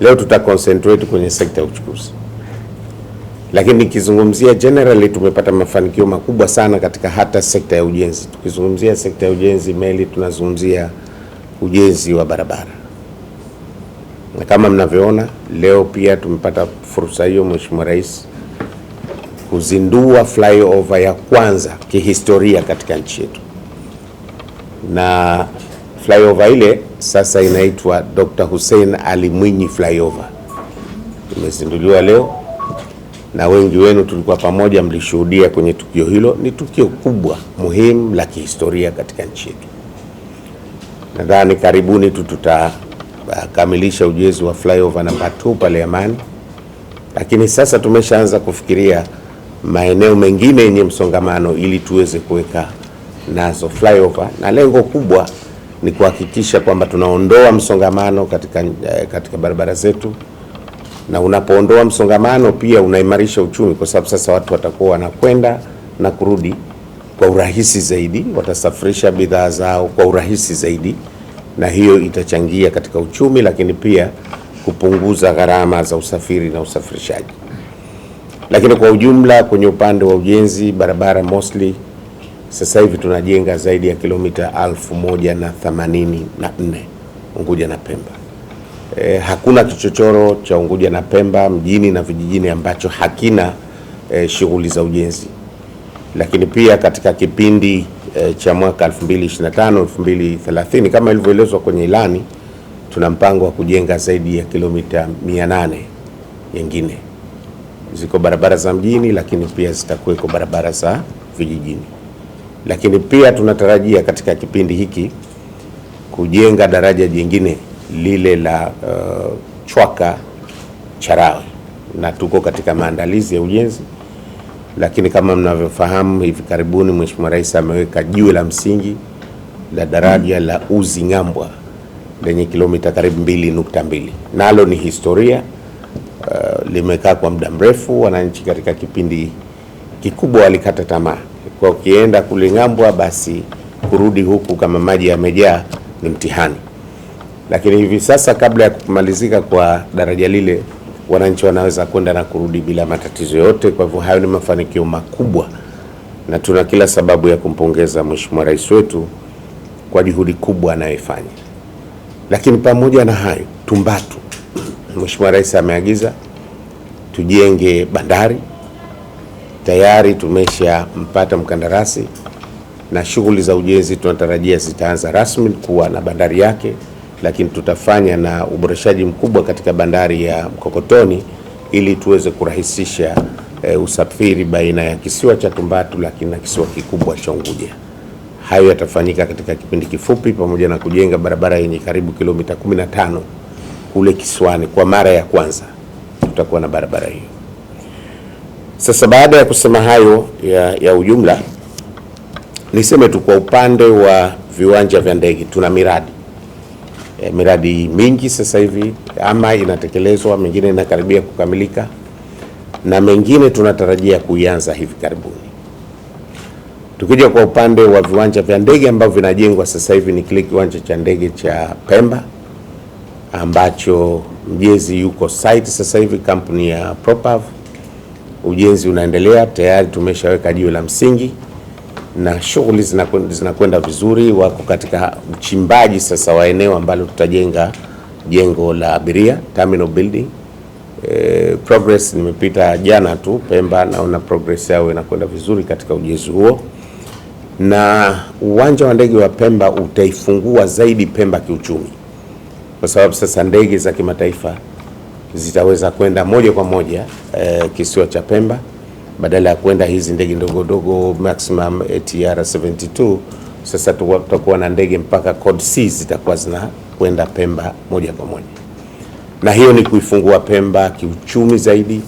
Leo tuta concentrate kwenye sekta ya uchukuzi, lakini nikizungumzia generally, tumepata mafanikio makubwa sana katika hata sekta ya ujenzi. Tukizungumzia sekta ya ujenzi meli, tunazungumzia ujenzi wa barabara, na kama mnavyoona leo pia tumepata fursa hiyo, Mheshimiwa Rais, kuzindua flyover ya kwanza kihistoria katika nchi yetu, na flyover ile sasa inaitwa Dr. Hussein Ali Mwinyi Flyover. Imezinduliwa leo na wengi wenu tulikuwa pamoja, mlishuhudia kwenye tukio hilo. Ni tukio kubwa muhimu la kihistoria katika nchi yetu. Nadhani karibuni tu tutakamilisha ujenzi wa flyover namba 2 pale Amani, lakini sasa tumeshaanza kufikiria maeneo mengine yenye msongamano ili tuweze kuweka nazo flyover na lengo kubwa ni kuhakikisha kwamba tunaondoa msongamano katika, eh, katika barabara zetu, na unapoondoa msongamano pia unaimarisha uchumi, kwa sababu sasa watu watakuwa wanakwenda na kurudi kwa urahisi zaidi, watasafirisha bidhaa zao kwa urahisi zaidi, na hiyo itachangia katika uchumi, lakini pia kupunguza gharama za usafiri na usafirishaji. Lakini kwa ujumla, kwenye upande wa ujenzi barabara mostly sasa hivi tunajenga zaidi ya kilomita alfu moja na themanini na nne Unguja na Pemba. E, hakuna kichochoro cha Unguja na Pemba mjini na vijijini ambacho hakina e, shughuli za ujenzi. Lakini pia katika kipindi e, cha mwaka 2025 2030 kama ilivyoelezwa kwenye ilani, tuna mpango wa kujenga zaidi ya kilomita 800 nyingine. Ziko barabara za mjini, lakini pia zitakuweko barabara za vijijini lakini pia tunatarajia katika kipindi hiki kujenga daraja jingine lile la uh, Chwaka Charawe, na tuko katika maandalizi ya ujenzi, lakini kama mnavyofahamu, hivi karibuni Mheshimiwa Rais ameweka jiwe la msingi la daraja la Uzi Ng'ambwa lenye kilomita karibu mbili nalo ni historia. Uh, limekaa kwa muda mrefu, wananchi katika kipindi kikubwa walikata tamaa kwa ukienda kule ng'ambwa, basi kurudi huku kama maji yamejaa ni mtihani. Lakini hivi sasa kabla ya kumalizika kwa daraja lile, wananchi wanaweza kwenda na kurudi bila matatizo yote. Kwa hivyo hayo ni mafanikio makubwa, na tuna kila sababu ya kumpongeza Mheshimiwa Rais wetu kwa juhudi kubwa anayoifanya. Lakini pamoja na hayo, Tumbatu, Mheshimiwa Rais ameagiza tujenge bandari tayari tumeshampata mkandarasi na shughuli za ujenzi tunatarajia zitaanza rasmi kuwa na bandari yake, lakini tutafanya na uboreshaji mkubwa katika bandari ya Mkokotoni ili tuweze kurahisisha e, usafiri baina ya kisiwa cha Tumbatu lakini na kisiwa kikubwa cha Unguja. Hayo yatafanyika katika kipindi kifupi, pamoja na kujenga barabara yenye karibu kilomita 15 kule kisiwani. Kwa mara ya kwanza tutakuwa na barabara hiyo. Sasa baada ya kusema hayo ya, ya ujumla, niseme tu kwa upande wa viwanja vya ndege tuna miradi e, miradi mingi sasa hivi ama inatekelezwa, mengine inakaribia kukamilika na mengine tunatarajia kuianza hivi karibuni. Tukija kwa upande wa viwanja vya ndege ambavyo vinajengwa sasa hivi ni kile kiwanja cha ndege cha Pemba ambacho mjezi yuko site sasa hivi, kampuni ya Propav ujenzi unaendelea, tayari tumeshaweka jiwe la msingi na shughuli zinakwenda vizuri. Wako katika uchimbaji sasa wa eneo ambalo tutajenga jengo la abiria terminal building. E, progress nimepita jana tu Pemba, naona progress yao inakwenda vizuri katika ujenzi huo, na uwanja wa ndege wa Pemba utaifungua zaidi Pemba kiuchumi, kwa sababu sasa ndege za kimataifa zitaweza kwenda moja kwa moja e, kisiwa cha Pemba badala ya kwenda hizi ndege ndogo ndogo maximum ATR eh, 72. Sasa tutakuwa na ndege mpaka code C zitakuwa zinakwenda Pemba moja kwa moja, na hiyo ni kuifungua Pemba kiuchumi zaidi,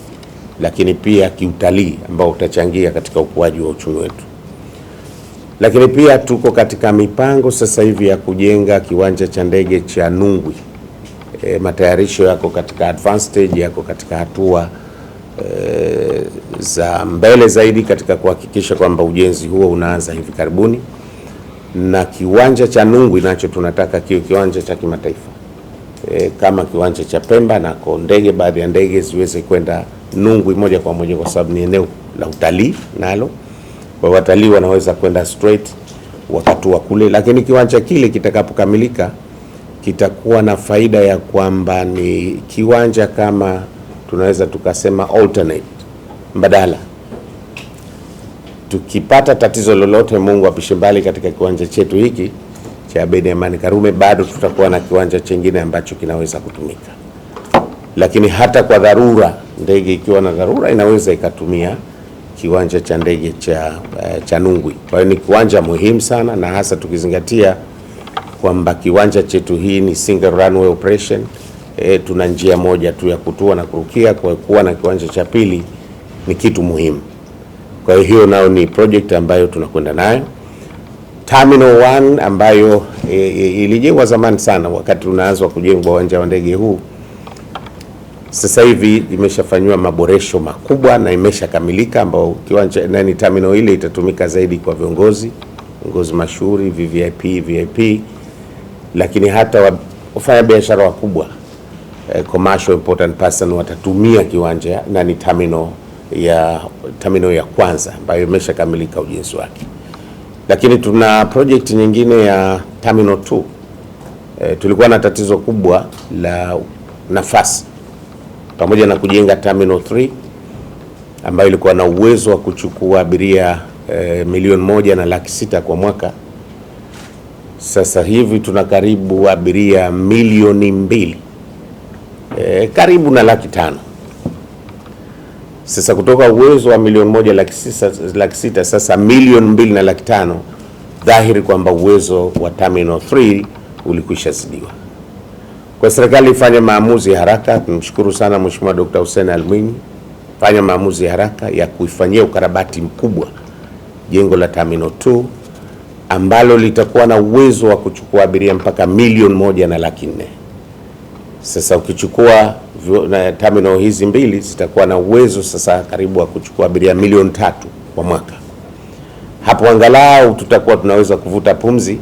lakini pia kiutalii ambao utachangia katika ukuaji wa uchumi wetu. Lakini pia tuko katika mipango sasa hivi ya kujenga kiwanja cha ndege cha Nungwi e, matayarisho yako katika advanced stage, yako katika hatua e, za mbele zaidi katika kuhakikisha kwamba ujenzi huo unaanza hivi karibuni, na kiwanja cha Nungwi nacho tunataka kiwe kiwanja cha kimataifa e, kama kiwanja cha Pemba, nako ndege, baadhi ya ndege ziweze kwenda Nungwi moja kwa moja, kwa sababu ni eneo la utalii nalo, kwa watalii wanaweza kwenda straight wakatua kule, lakini kiwanja kile kitakapokamilika kitakuwa na faida ya kwamba ni kiwanja kama tunaweza tukasema alternate mbadala. Tukipata tatizo lolote, Mungu apishe mbali, katika kiwanja chetu hiki cha Abeid Amani Karume bado tutakuwa na kiwanja chingine ambacho kinaweza kutumika, lakini hata kwa dharura, ndege ikiwa na dharura inaweza ikatumia kiwanja cha ndege cha, eh, cha Nungwi. Kwa hiyo ni kiwanja muhimu sana, na hasa tukizingatia kwamba kiwanja chetu hii ni single runway operation. E, tuna njia moja tu ya kutua na kurukia. Kwa kuwa na kiwanja cha pili ni kitu muhimu. Kwa hiyo nao ni project ambayo tunakwenda nayo. Terminal 1 ambayo e, e, ilijengwa zamani sana wakati unaanza kujengwa uwanja wa ndege huu, sasa hivi imeshafanywa maboresho makubwa na imeshakamilika, ambao kiwanja nani terminal ile itatumika zaidi kwa viongozi viongozi mashuhuri VVIP VIP lakini hata wafanya biashara wakubwa eh, commercial important person watatumia kiwanja na ni terminal ya, terminal ya kwanza ambayo imeshakamilika ujenzi wake, lakini tuna project nyingine ya terminal 2. Eh, tulikuwa na tatizo kubwa la nafasi pamoja na kujenga terminal 3 ambayo ilikuwa na uwezo wa kuchukua abiria eh, milioni moja na laki sita kwa mwaka sasa hivi tuna karibu abiria milioni mbili e, karibu na laki tano. Sasa kutoka uwezo wa milioni moja laki sita, laki sita sasa milioni mbili na laki tano, dhahiri kwamba uwezo wa terminal 3 ulikwisha zidiwa. Kwa serikali ifanye maamuzi ya haraka. Tunamshukuru sana Mheshimiwa Dkt. Hussein almwinyi fanya maamuzi ya haraka ya kuifanyia ukarabati mkubwa jengo la terminal 2 ambalo litakuwa na uwezo wa kuchukua abiria mpaka milioni moja na laki nne. Sasa ukichukua terminal hizi mbili zitakuwa na uwezo sasa karibu wa kuchukua abiria milioni tatu kwa mwaka. Hapo angalau tutakuwa tunaweza kuvuta pumzi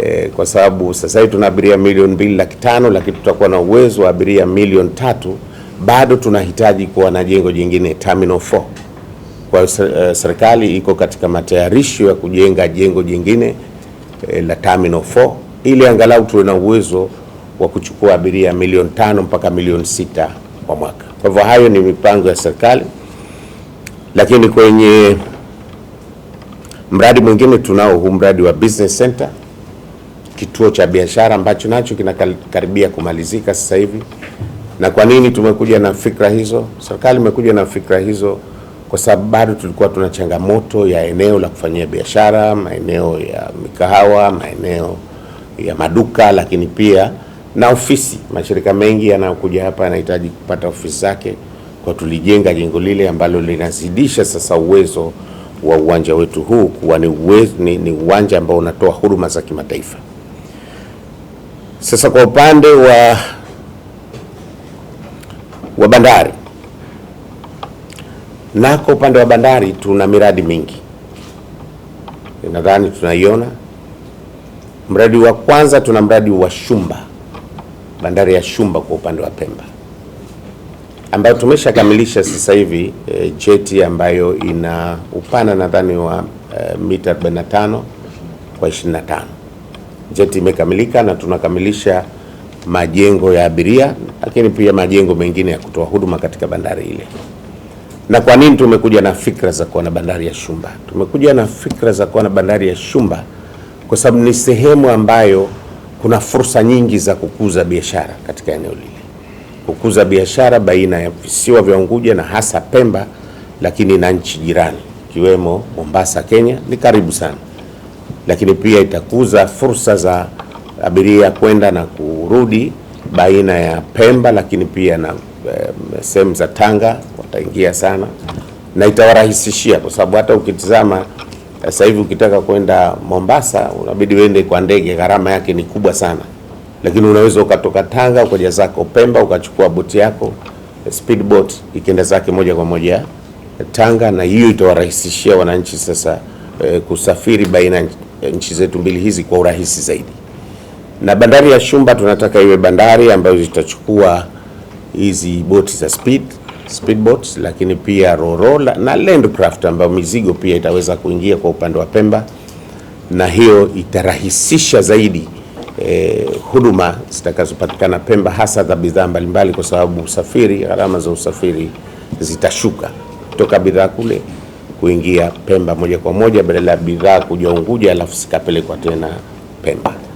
e, kwa sababu sasa hivi tuna abiria milioni mbili laki tano lakini tutakuwa na uwezo wa abiria milioni tatu. Bado tunahitaji kuwa na jengo jingine terminal kwa eh, serikali iko katika matayarisho ya kujenga jengo jingine e, la terminal 4 ili angalau tuwe na uwezo wa kuchukua abiria milioni tano mpaka milioni sita kwa mwaka. Kwa hivyo hayo ni mipango ya serikali, lakini kwenye mradi mwingine tunao huu mradi wa business center, kituo cha biashara ambacho nacho kinakaribia kumalizika sasa hivi. Na kwa nini tumekuja na fikra hizo? Serikali imekuja na fikra hizo kwa sababu bado tulikuwa tuna changamoto ya eneo la kufanyia biashara, maeneo ya mikahawa, maeneo ya maduka, lakini pia na ofisi. Mashirika mengi yanayokuja hapa yanahitaji kupata ofisi zake, kwa tulijenga jengo lile ambalo linazidisha sasa uwezo wa uwanja wetu huu kuwa ni, uwezo, ni, ni uwanja ambao unatoa huduma za kimataifa. Sasa kwa upande wa, wa bandari Nako upande wa bandari tuna miradi mingi, nadhani tunaiona. Mradi wa kwanza tuna mradi wa Shumba, bandari ya Shumba kwa upande wa Pemba, ambayo tumeshakamilisha sasa hivi e, jeti ambayo ina upana nadhani wa e, mita 45 kwa 25. Jeti imekamilika na tunakamilisha majengo ya abiria, lakini pia majengo mengine ya kutoa huduma katika bandari ile. Na kwa nini tumekuja na fikra za kuwa na bandari ya Shumba? Tumekuja na fikra za kuwa na bandari ya Shumba kwa sababu ni sehemu ambayo kuna fursa nyingi za kukuza biashara katika eneo lile, kukuza biashara baina ya visiwa vya Unguja na hasa Pemba, lakini na nchi jirani ikiwemo Mombasa, Kenya ni karibu sana, lakini pia itakuza fursa za abiria kwenda na kurudi baina ya Pemba, lakini pia na eh, sehemu za Tanga wataingia sana na itawarahisishia, kwa sababu hata ukitizama eh, sasa hivi ukitaka kwenda Mombasa unabidi uende kwa ndege, gharama yake ni kubwa sana, lakini unaweza ukatoka Tanga ukaja zako Pemba ukachukua boti yako eh, speedboat ikienda zake moja kwa moja eh, Tanga, na hiyo itawarahisishia wananchi sasa e, kusafiri baina ya nchi zetu mbili hizi kwa urahisi zaidi. Na bandari ya Shumba tunataka iwe bandari ambayo itachukua hizi boti za speed speedboats, lakini pia roro na landcraft ambayo mizigo pia itaweza kuingia kwa upande wa Pemba, na hiyo itarahisisha zaidi eh, huduma zitakazopatikana Pemba, hasa za bidhaa mbalimbali, kwa sababu usafiri, gharama za usafiri zitashuka kutoka bidhaa kule kuingia Pemba moja kwa moja, badala ya bidhaa kuja Unguja alafu zikapelekwa tena Pemba.